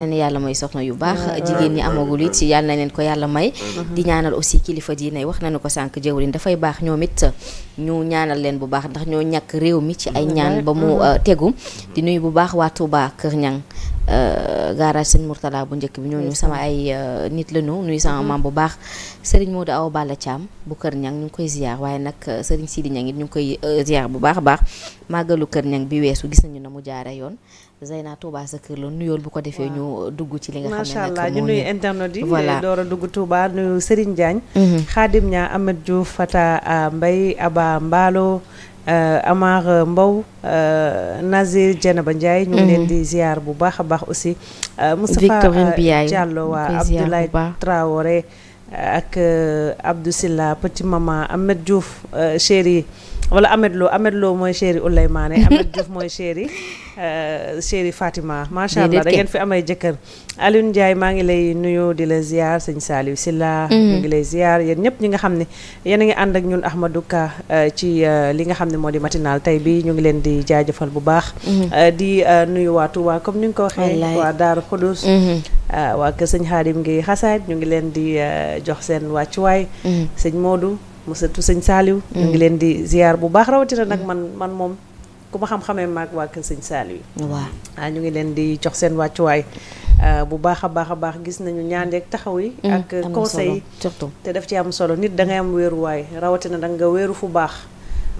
leen yàlla may soxna yu baax jigéen ñi amagul it yàlla na leen ko yàlla may mhm. di ñaanal aussi kilifa diine wax nanu ko sànq jëwriñ dafay baax ñoomit ñu ñaanal leen bu baax ndax ñoo ñàkk réew mi ci ay mm-hmm. ñaan ba mu mm-hmm. uh, tegu di nuyu bu baax waa Touba Kër Ñang uh, garage sëñ Mourtala bu njëkk bi ñooñu sama ay uh, nit la ñu nuyu sama mm-hmm. maam bu baax sëriñ Modou Awa Balla Thiam bu Kër Ñang ñu ngi koy ziar waaye nag sëriñ Sidi Ñang it ñu ngi koy ziar bu baax a baax magalu Kër Ñang bi weesu gis nañu na mu jaare yoon Zeyna Touba sa kër la nuyool bu ko defee ñu dugg ci li nga xam ne nag allah ñu nuyu internet yi door a dugg Touba nuyu Serigne Diagne Khadim Niang Amath Diouf Fata Mbaye Aba Moustapha Mballo euh, Amar euh, Mbow euh, Nazir ba Ndiaye. ñu leen mhm. di ziar bu baax a baax aussi. Victorine Biaye Moustapha Diallo waa Abdoulaye Traoré ak Abdou Silla Petit Maman Ahmed Diouf chéri wala Ameth Lo Ameth Lo mooy chéri Oulay Mané Ameth Diouf mooy chéri euh, chéri Fatima macha allah da ngeen fi amay jëkkër Alioune Ndiaye maa ngi lay nuyu di la ziar sëñ Saliou Sylla mhm. ñu ngi lay ziar yéen ñëpp ñi nga xam ne yéen a ngi ànd ak ñun Ahmadou Ka euh, ci euh, li nga xam ne moo di matinal tey bi ñu ngi leen di jaajëfal bu baax mhm. di nuyu waa Touba comme ni nga ko waxee waa Daaru Xudoos mhm. waa kër sëñ Xaadim ngi xasaat ñu ngi leen di jox seen wàccuwaay sëñ Modou mosatu sëñ Saaliw ñu ngi mm. leen di ziar bu baax rawatina nag mm. man man moom ku ma xam-xamee maag waa kër sëñ Saaliw waaw ah ñu ngi leen di jox seen wàccuwaay ah, bu baax a baax a baax gis nañu ñaandeeg taxaw yi mm, ak conseil yi surtout te daf ci am solo nit da ngay am wéeruwaay rawatina nag nga wéeru fu baax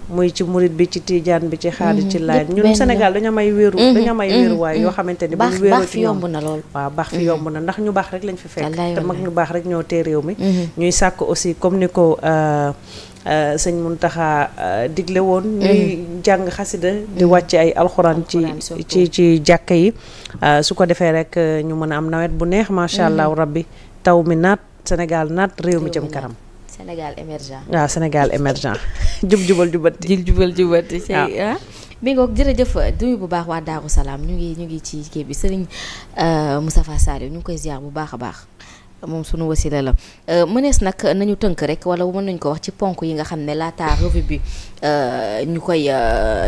muy ci murit bi ci tiijaan bi ci xaalis ci mm-hmm. laaj ñun Sénégal dañu may wéeru mm-hmm. dañu may mm-hmm. wéeruwaay yoo xamante ni buñ wéeru ci yomb na lool waaw baax fi yomb na ñu baax rek lañ fi fekk te mag ñu baax ñoo tee réew mi ñuy sàkk aussi comme ni ko euh, euh, sëñ Muntaxa euh, digle woon ñuy jàng xasida di wàcc ay alxuraan ci ci ci jàkka yi su ko defee rek ñu mën a am nawet bu neex macha allah rabbi taw mi naat Sénégal naat réew mi jëm kanam Sénégal émergent. Ah, Sénégal émergent jub jubal jubati. jub jubal jubati si ah. mi ngoog jërëjëf duyu bu baax waa Daaru Salaam ñu ngi ñu ngi ci kii bi sëriñ euh, Moustapha Saliou ñu ngi koy ziar bu baax a baax moom sunu wasila la euh, mënees nag nañu tënk rek wala mën nañu ko wax ci ponk yi nga xam ne laata revue bi euh, ñu koy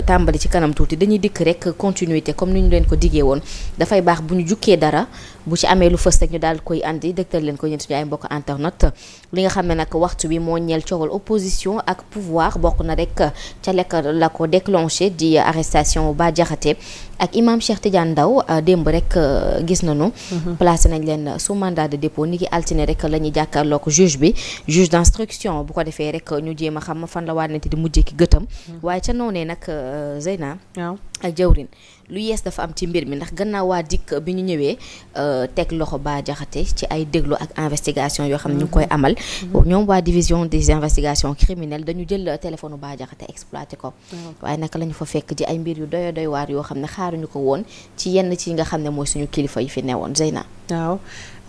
tàmbali ci kanam tuuti dañuy dikk rek continuité comme ni ñu leen ko diggee woon dafay baax bu ñu jukkee dara. bu ci amee lu fës rek ñu daal koy andi dégtal leen ko yéen suñu ay mbokk internet li nga xam ne nag waxtu wi moo ñeel coowal opposition ak pouvoir bokk na rek ca lekk la ko déclenché di arrestation Bah Diakhaté ak imam Cheikh Tidiane Ndao euh, démb rek euh, gis nañu. Mhm. placé nañ leen su mandat de dépôt ni ki altine rek la ñuy jàkkaarloo ko juge bi juge d'instruction bu ko defee rek ñu jéem a xam fan la waanante di mu ki gëtam mhm. waaye ca noonee nag euh, Zeyna ak jawrin lu yees dafa am ci mbir mi ndax gannaaw waa dikk bi ñu ñëwee euh, teg loxo Bah Diakhaté ci ay déglu ak investigation yoo xam ne ñu ngi koy mhm. amal mhm. ñoom waa division des investigations criminelles dañu jël téléphone Bah Diakhaté exploité ko mhm. waaye naka la ñu fa fekk ji ay mbir yu doy doy waar yoo xam ne xaaruñu ko woon ci yenn ci nga xam ne mooy suñu kilifa yi fi newoon Zeyna waaw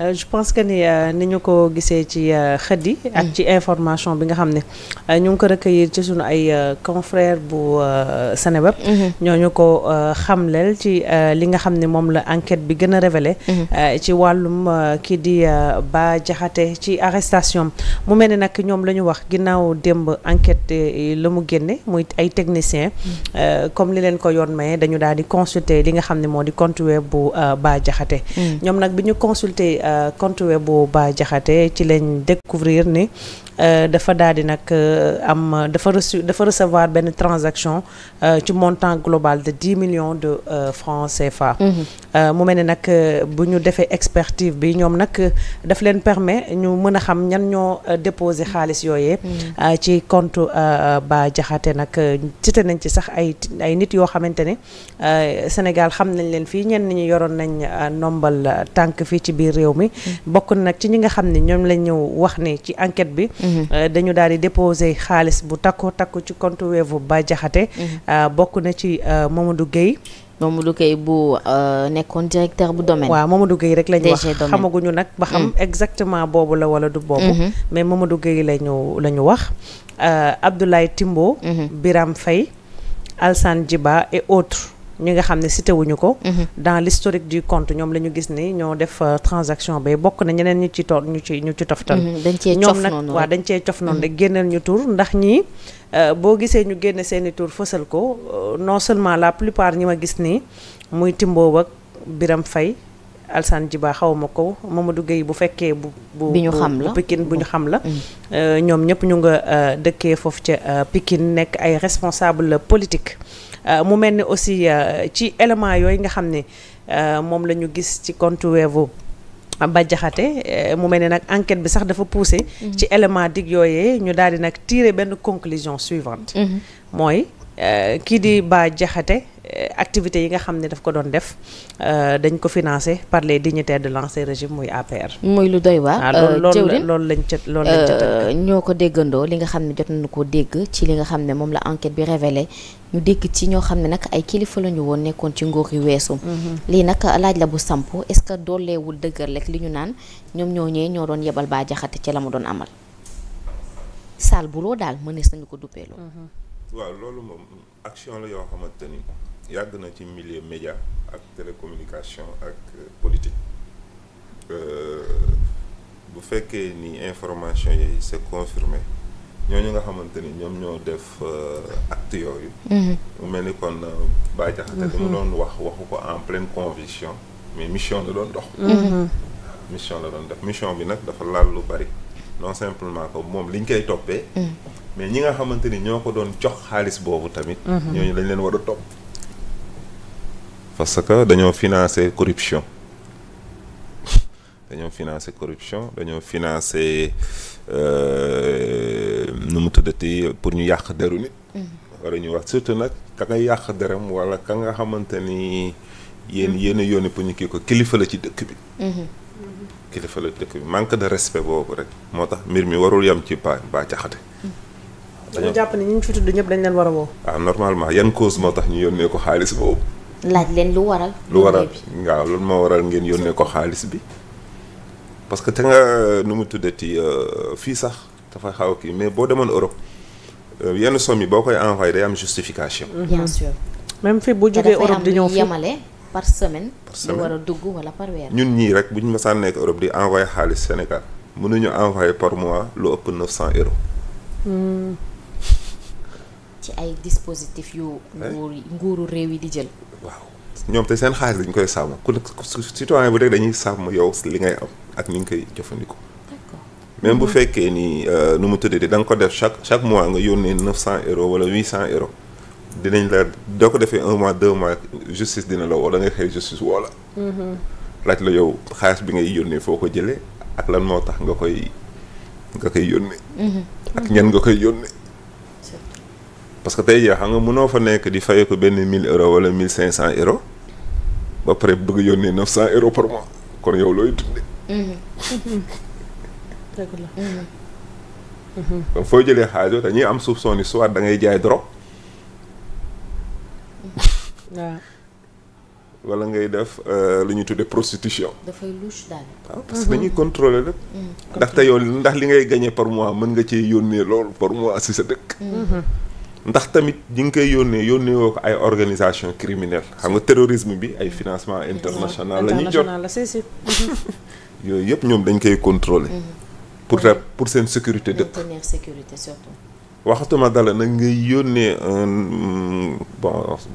Euh, je pense que ni euh, ni ñu ko gisee ci xët euh, yi ak ci information bi nga xam ne ñu ngi ko recueillir ci sunu ay confrères bu Seneweb mhm. ñooñu ko xamleel ci li nga xam ne moom la enquête bi gën a révélé mhm. ci wàllum kii di Bah Diakhaté ci arrestation mu mel ni nag ñoom la ñu wax ginnaaw démb enquête la mu génne muy ay technicien mhm. comme li leen ko yoon maye dañu daal di consulter li nga xam ne moo di compte bu Bah Diakhaté ñoom nag bi ñu consulter compte web bu Bah Diakhaté ci lañ découvrir ni Euh, dafa daal di nag euh, am dafa reçu dafa recevoir benn transaction euh, ci montant global de dix millions de francs CFA. Mhm. mu mel ne nag bu ñu defee expertise bi ñoom nag daf leen permet ñu mën a xam ñan ñoo déposé xaalis yooyee. Mhm. ci compte Bah Diakhaté nag cité nañ ci sax ay ay nit yoo xamante ne Sénégal xam nañ leen fii ñenn ñi yoroon nañ nombal tànk fii ci biir réew mi. Mhm. bokk nag ci ñi nga xam ne ñoom la ñu wax ne ci enquête bi. Mm-hmm. Euh, dañu daal di déposé xaalis bu takku takku ci compte Wave Bah Diakhaté bokk na ci euh, Mamadou Gueye Mamadou Gueye bu euh, nekkoon directeur bu domaine. waaw Mamadou Gueye rek la ñu wax xamaguñu nag ba xam mm-hmm. exactement boobu la wala du boobu. Mm-hmm. mais Mamadou Gueye la ñu la ñu wax. Abdoulaye Timbo. Biram Faye Alsane Djiba et autres. ñi nga xam ne wu wuñu ko. Mhm. dans l'historique du compte ñoom la ñu gis ni ñoo def euh, transaction ba bokk na ñeneen ñu ci toog ñu ñu ci toftal. Mhm, dañ cee cof noonu ñoom nag waaw dañ cee cof noonu rek mhm. génneel ñu tur ndax ñii euh, boo gisee ñu génne seen i tur fësal ko euh, non seulement la plupart ñi ma gis ni muy Timbo ak Biram Fay Alsane Djiba xaw ma ko Mamadou Gueye bu fekkee bu bu bi ñu xam la Pikine bu ñu xam la mm. euh, ñoom ñëpp ñu nga euh, dëkkee foofu ca euh, Pikine nekk ay responsable politique mu mel ni aussi ci élément yooyu nga xam ne moom la ñu gis ci compte Wave Bah Diakhaté mu mel ne nag enquête bi sax dafa poussé mm. ci élément dig yooyee ñu daal di nag tirer benn conclusion suivante mm-hmm. mooy Euh, kii di baa jaxate euh, activités yi nga xam ne daf ko doon def euh, dañ ko financé par les dignitaires de l'ancien régime muy APR. muy lu doy waar. Ah, jëwriñ loolu lañ ca loolu lañ ñoo ko déggandoo li nga xam ne jot nañu koo dégg ci li nga xam ne moom la enquête bi révélé ñu dégg ci ñoo xam ne nag ay kilifa la ñu woon nekkoon ci nguur yu weesu. Mhm. lii nag laaj la bu samp est-ce que dooleewul dëgër rek li ñu naan ñoom ñoo ñëwee ñoo doon yebal baa Diakhaté ci la mu doon amal. saal bu daal mënees ko duppeeloo. Mhm. waaw loolu moom action la yoo xamante ni yàgg na ci millier média ak télécommunication ak euh, politique euh, bu fekkee ni information yi c'est confirmé ñooñu nga xamante ni ñoom ñoo def euh, acte yooyu mm-hmm. mu mel ni kon Bah Diakhaté li mu mm-hmm. doon wax waxu ko en pleine conviction mais mission la doon dox mm-hmm. mission la doon def mission bi nag dafa laal lu bari non simplement que moom liñ koy toppee mais ñi nga xamante ni ñoo ko doon jox xaalis boobu tamit. Mhm. ñooñu dañ leen war a topp. parce que dañoo financer corruption dañoo financer corruption dañoo financer euh, nu mu ti pour ñu yàq deru nit. Mhm. wala ñu wax surtout nag ka ngay yàq deram wala ka nga xamante ni yéen yéen a yónni pour ñu kii ko kilifa la ci dëkk bi. Mhm. kilifa la dëkk bi manque de respect boobu rek moo tax mbir mi warul yem ci ba baa jaxate dañoo jàpp ne ñi ñu fi war a woo. ah normalement yan cause moo tax ñu yónnee ko xaalis boobu. laaj leen lu waral. lu waral waaw loolu moo waral ngeen yónnee ko xaalis bi. parce que te nga euh, nu mu tuddati euh, fii sax dafay xaw a kii mais boo demoon Europe euh, yenn somme yi boo koy envoyé day am justification. Mm-hmm. bien sûr. même fii bu jógee Europe di ñëw fi yemale par semaine. par semaine lu war a dugg wala par weer. ñun ñii rek bu ñu mësaan nekk Europe di envoyé xaalis Sénégal nañu envoyé par mois lu ëpp 900 euros. Hmm. ci ay dispositifs yu. Eh? nguur yi nguuru réew yi di jël. waaw ñoom te seen xaalis dañ koy sàmm ku nekk citoyen bu nekk dañuy sàmm yow li ngay am ak ni nga koy jëfandikoo. même bu mm-hmm. fekkee ni euh, nu mu tuddati da nga ko def chaque chaque mois nga yónnee neuf cent euros wala huit cent euros dinañ la doo ko defee un mois deux mois justice dina la wala nga xëy justice woo la. Mm-hmm. laaj la yow xaalis bi ngay yónnee foo ko jëlee ak lan moo tax nga koy nga koy yónnee. Mm-hmm. ak ñan nga koy yónnee. parce que tey jii xam nga mënoo fa nekk di fay ko benn 1000 euros wala cent euros ba pare bëgg yónnee yónnee 900 euros par mois kon yow looy dundee. kon mm-hmm. foo jëlee xaajo dañuy am soupçon ni soit da ngay jaay drogue. walla ngay def euh, lu ñuy tuddee prostitution. dafay ah, parce que dañuy mm-hmm. contrôler mm. ndax te yow ndax li ngay gagné par mois mën nga ci yónnee loolu par mois si sa dëkk. Mm-hmm. ndax tamit ñi nga koy yónnee yónnee woo ko ay organisation criminelle xam nga terrorisme bi ay financement international la ñuy jot yooyu yëpp ñoom dañ koy contrôler mhm. pour pour seen sécurité dëkk waxatuma dala nag ngay yónnee un bon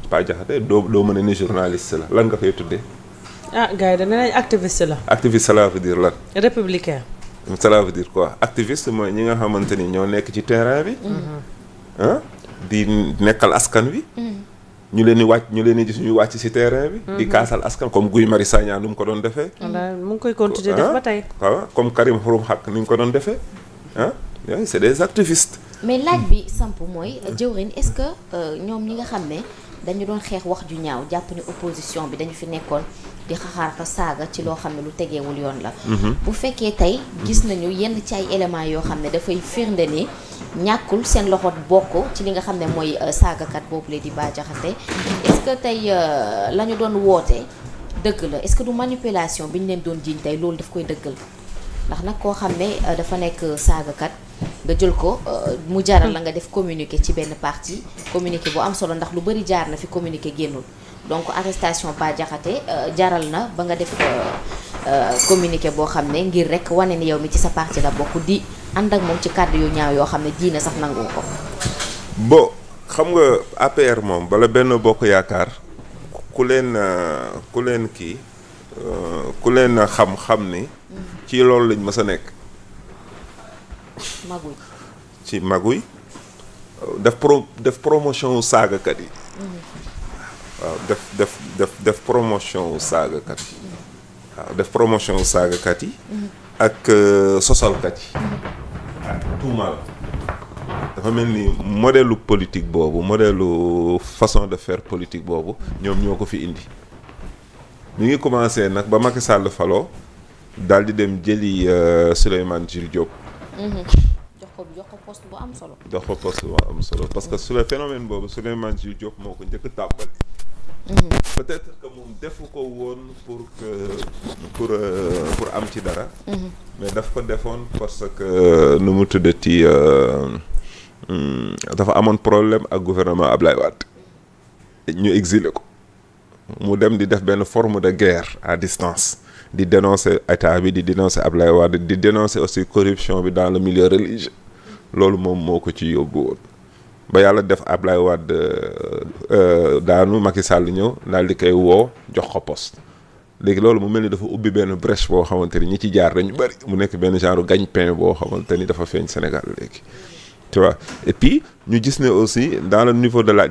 pas jaxate doo doo mën a ni journaliste la lan nga koy tuddee ah gars yi danañ activiste la activiste cela veut dire lan républicain cela veut dire quoi activiste mooy ñi nga xamante ni ñoo nekk ci terrain bi ah di nekkal askan wi. Mm. ñu leen di wàcc ñu leen di gis ñuy wàcc ci terrain bi. di mm-hmm. kaasal askan comme Guy Marius Sagna nu mu ko doon defee. mu ngi koy continuer def ah, tey. comme Karim Xurum Xaq ni ñu ko doon defee ah, mais laaj bi samp mooy jëwriñ est euh, ñoom ñi nga xam ne dañu doon xeex wax ju ñaaw jàpp ne opposition bi dañu fi nekkoon di xaxaar ka saaga ci loo xam ne lu tegeewul yoon la. Mm-hmm. bu fekkee tey gis nañu yenn ci ay yoo xam ne dafay firnde ni. ñàkkul seen loxo bokk ci li nga xam ne mooy euh, saagakat boobu la di Bah Diakhaté est tey euh, la ñu doon woote dëgg la est-ce que du manipulation bi ñu leen doon jiiñ tey loolu daf koy dëggal ndax nag koo xam ne euh, dafa nekk saagakat nga jël ko mu jaral la nga def communiqué ci benn partie communiqué bu am solo ndax lu bari jaar na fi communiqué génnul donc arrestation Bah Diakhaté jaral na ba nga def communiqué boo xam ne ngir rek wane ni yow mi ci sa partie la bokk di ànd ak moom ci kàddu yu ñaaw yoo xam ne diine sax nangu ko. bon xam nga APR moom bala benn bokk yaakaar ku leen ku leen kii euh, ku leen xam-xam ni. ci loolu lañ mës a nekk. maguy ci maguy def pro def promotion wu saagakat yi. Mm-hmm. waaw def def def def promotion wu saagakat yi. Mm-hmm. waaw def promotion wu saagakat yi. Mm-hmm. ak euh, sosalkat yi. tuumaal dafa mel ni modelu politique boobu modèle façon de faire politique boobu ñoom ñoo ko fi indi mu ngi commencé nag ba Macky sàll falo daal di dem jëli euh, Souleymane Jules Diop. Mhm. jox ko jox ko poste bu am solo. jox ko poste bu am solo parce que su le phénomène boobu Souleymane Jules Diop moo ko njëkk a Mm-hmm. peut-être que moom defu ko woon pour que pour euh, pour am ci dara. Mm-hmm. mais daf ko defoon parce que nu mu tuddee tuddati euh, dafa amoon problème ak gouvernement Ablaye Wade ñu exilé ko mu dem di def benn forme de guerre à distance di dénoncer état bi di dénoncer Ablaye Wade di dénoncer aussi corruption bi dans le milieu religieux loolu moom moo ko ci yóbbu woon. ba yàlla def Ablaye Wade euh, euh, daanu i sàll ñëw daal di koy woo jox ko poste léegi loolu mu mel ni dafa ubbi benn brèche boo xamante ni ñi ci jaar dañu bëri mu nekk benn genre gagne-pain boo xamante ni dafa feeñ Sénégal léegi tu vois et puis ñu gis ne aussi dans niveau de la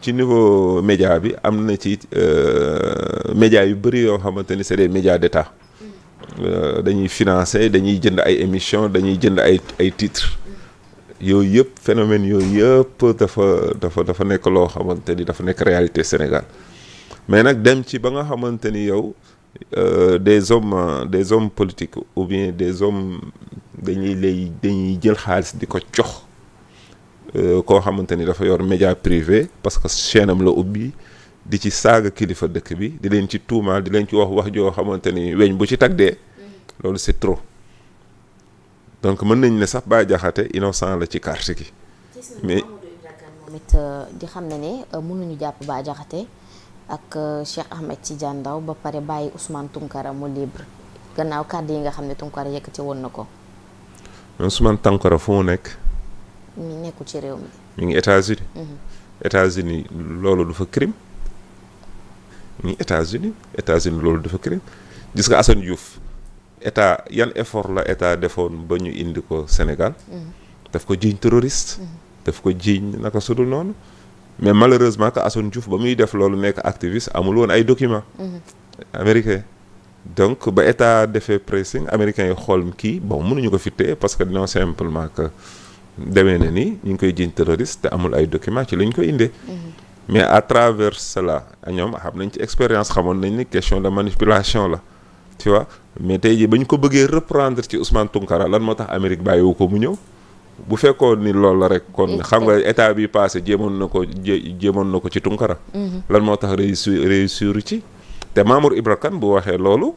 ci niveau média bi am na ci euh, média yu bëri yoo xamante ni c'est des médias d'état mm. dañuy financer dañuy jënd ay émissions dañuy jënd ay ay titres yooyu yëpp phénomène yooyu yëpp dafa dafa dafa nekk loo xamante ni dafa nekk réalité Sénégal mais nag dem ci ba nga xamante ni yow euh, des hommes des hommes politiques ou bien des hommes dañuy lay dañuy jël xaalis di ko jox euh, koo xamante ni dafa yor média privé parce que chaîne la ubbi di ci saaga kilifa dëkk bi di leen ci tuumaal di leen ci wax wax joo xamante ni weñ bu ci tag dee mm-hmm. loolu c'est trop donc mën nañ ne sax Bah Diakhaté san la ci carte gi mais moom it euh, di xam ne ne euh, mënuñu jàpp Bah Diakhaté ak euh, Cheikh Ahmed Tidiane Ndao ba pare bàyyi Ousmane Tounkara mu libre gannaaw kàddu yi nga xam ne Tounkara yëkkati woon na ko Ousmane Tounkara fu mu nekk mi nekku ci réew mi mi ngi États-Unis mhm. États-Unis loolu du fa crime mi ngi États-Unis États-Unis loolu du fa crime gis nga assan Diouf état yan effort la état defoon ba ñu indi ko Sénégal. Mm-hmm. daf ko jiiñ terroriste. Mm-hmm. daf ko jiiñ naka sudul noonu. mais malheureusement que Assane Diouf ba muy def loolu nekk activiste amul woon ay documents. Mm-hmm. américain donc ba état defee pressing américain yi xool kii bon mënuñu ko fittee parce que non simplement que deme na ni ñu ngi koy jiiñ terroriste te amul ay documents ci la ñu ko indee. mais à travers cela ñoom xam nañ ci expérience xamoon nañ ni question de manipulation la. tu vois mais tey jii ba ñu ko bëggee reprendre ci Ousmane Tounkara lan moo tax Amérique bàyyiwu ko mu ñëw bu fekkoon ni loolu la rek kon xam nga état bi passé jéemoon na ko jéemoon na ko ci Tounkara mhm. lan moo tax réussir réussir ci te Mamour ibrakan Kane bu waxee loolu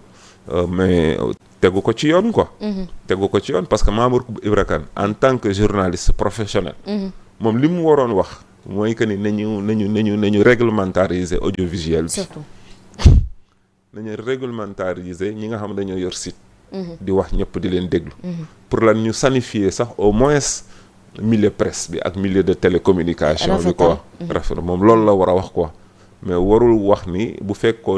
euh, mais tegu ko ci yoon quoi mhm. tegu ko ci yoon parce que Mamour Ibra Kane en tant que journaliste professionnel mhm. moom li mu waroon wax mooy que ni nañu nañu nañu nañu réglementariser audiovisuel bi nañu réglementariser ñi nga xam dañoo yor mhm. di wax ñëpp di leen déglu. Mhm. pour lan ñu sanifier sax au moins milieu presse bi ak milieu de télécommunication bi quoi rafet moom loolu la war a wax quoi mais warul wax ni bu fekkoo